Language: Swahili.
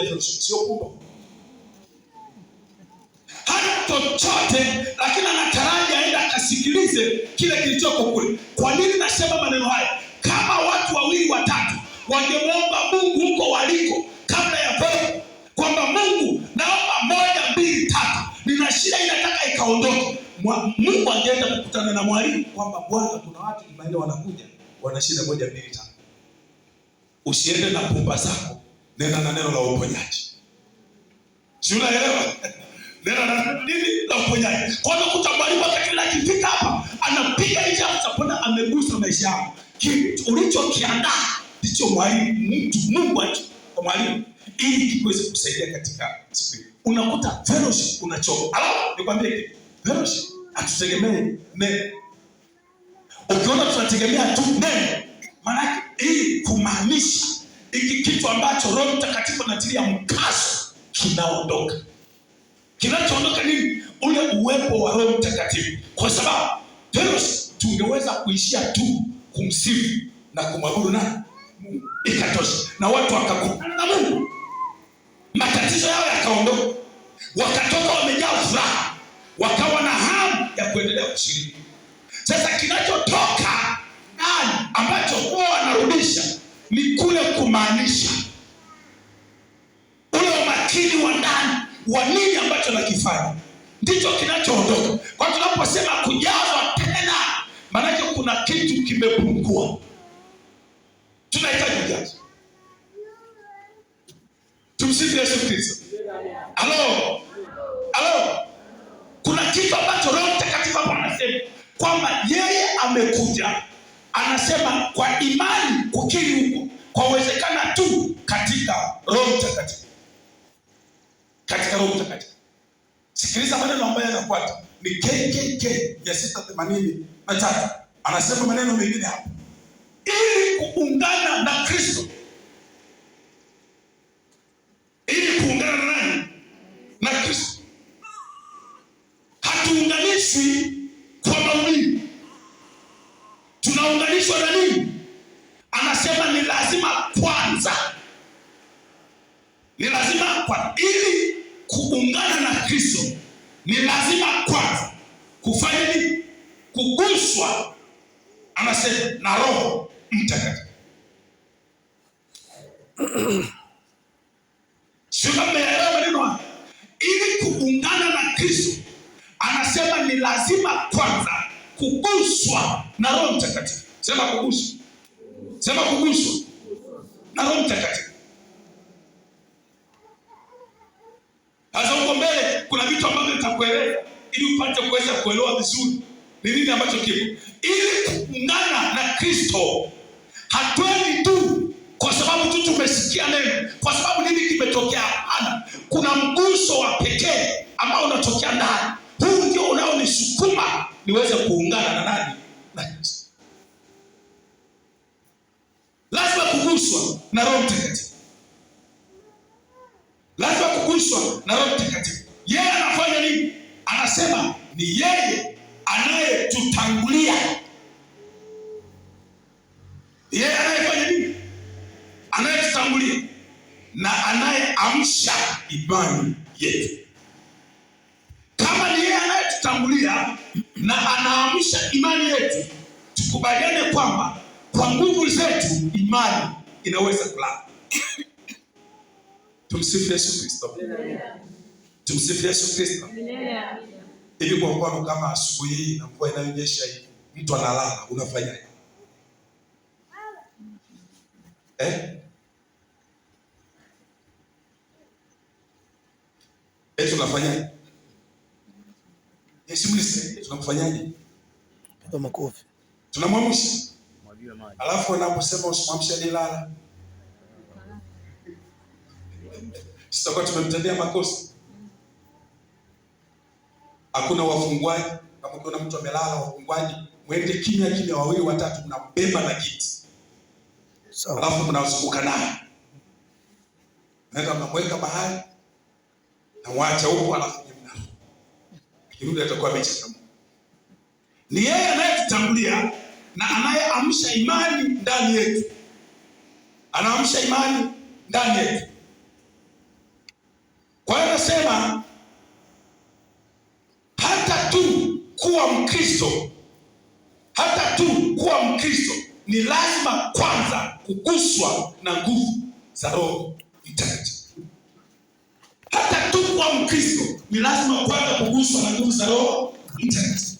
definition, sio kubwa hata chochote, lakini anataraji aenda akasikilize kile kilichoko kule. Kwa nini nasema maneno haya? Kama watu wawili watatu wangemwomba Mungu huko waliko kabla ya vo kwamba Mungu, naomba moja mbili tatu, nina shida inataka ikaondoke, Mungu angeenda kukutana na mwalimu kwamba Bwana, kuna watu imaile wanakuja wana shida moja mbili tatu. Usiende na pumba zako nena na neno la uponyaji. Si unaelewa? nenda na nini la uponyaji. Kwa hiyo kuta mwalimu wakati kila akifika hapa anapiga nje atapona, amegusa maisha yako. Kitu ulichokiandaa ndicho mwalimu mtu Mungu kwa mwalimu ili kiweze kusaidia katika siku hii. Unakuta fellowship unachoka. Alafu nikwambie kitu. fellowship atutegemee ne. Ukiona tunategemea tu neno, maana hii kumaanisha hiki kitu ambacho Roho Mtakatifu anatilia mkazo kinaondoka. Kinachoondoka nini? Ule uwepo wa Roho Mtakatifu, kwa sababu Deus tungeweza kuishia tu kumsifu na kumwabudu na Mungu ikatosha, na watu wakakutana Mungu, matatizo yao yakaondoka, wakatoka wamejaa furaha, wakawa na hamu ya kuendelea kushiriki. Sasa kinachotoka ndani ambacho huwa wanarudisha ni kule kumaanisha ule umakini wa ndani wa nini ambacho nakifanya ndicho kinachoondoka. Kwa tunaposema kujazwa tena, maanake kuna kitu kimepungua, tunahitaji ujazo. Tumsifu Yesu Kristo. Halo, halo, kuna kitu ambacho Roho Mtakatifu hapa anasema kwamba yeye amekuja anasema kwa imani kukiri huko kwawezekana tu katika Roho Mtakatifu, katika Roho Mtakatifu. Sikiliza maneno ambayo yanafuata ni KKK ya sita themanini na tatu, anasema maneno mengine hapo, ili kuungana linasababishwa na nini? Anasema ni lazima kwanza, ni lazima kwa ili kuungana na Kristo ni lazima kwanza kufanya nini? Kuguswa, anasema na Roho Mtakatifu. Sikammeelewa maneno. Ili kuungana na Kristo anasema ni lazima kwanza kuguswa na Roho Mtakatifu. Sema kuguswa, sema kuguswa na Roho Mtakatifu. Sasa huko mbele kuna vitu ambavyo nitakueleza ili upate kuweza kuelewa vizuri ni nini ambacho kipo. Ili kuungana na Kristo, hatwendi tu kwa sababu tu tumesikia neno, kwa sababu nini kimetokea. Hapana, kuna mguso wa pekee ambao unatokea ndani. Huu ndio unaonisukuma niweze kuungana na ameguswa na Roho Mtakatifu. Yeye anafanya nini? Anasema ni yeye anayetutangulia, yeye anayefanya nini? Anayetutangulia na anayeamsha imani yetu. Kama ni yeye anayetutangulia na anaamsha imani yetu, tukubaliane kwamba kwa nguvu zetu imani inaweza kulala Tumsifu Yesu Kristo. Tumsifu Yesu Kristo. Hivi kwa mfano kama asubuhi hii na mvua inayonyesha hivi, mtu analala unafanya eh? Eh, tunafanya Yesu Kristo, tunamfanyaje? Tunamwamsha. Alafu anaposema usimwamshe nilala sitakuwa tumemtendea makosa. Hakuna wafungwaji. Kama ukiona mtu amelala, wafungwaji mwende kimya kimya, wawili watatu, mnabeba na kiti so, alafu mnazunguka naye, naenda mnamweka bahari na huko, alafu kirudi atakuwa amechachamka. Ni yeye anayetutangulia na anayeamsha imani ndani yetu, anaamsha imani ndani yetu. Kwa hiyo anasema hata tu kuwa Mkristo, hata tu kuwa Mkristo ni lazima kwanza kuguswa na nguvu za Roho Mtakatifu. Hata tu kuwa Mkristo ni lazima kwanza kuguswa na nguvu za Roho Mtakatifu.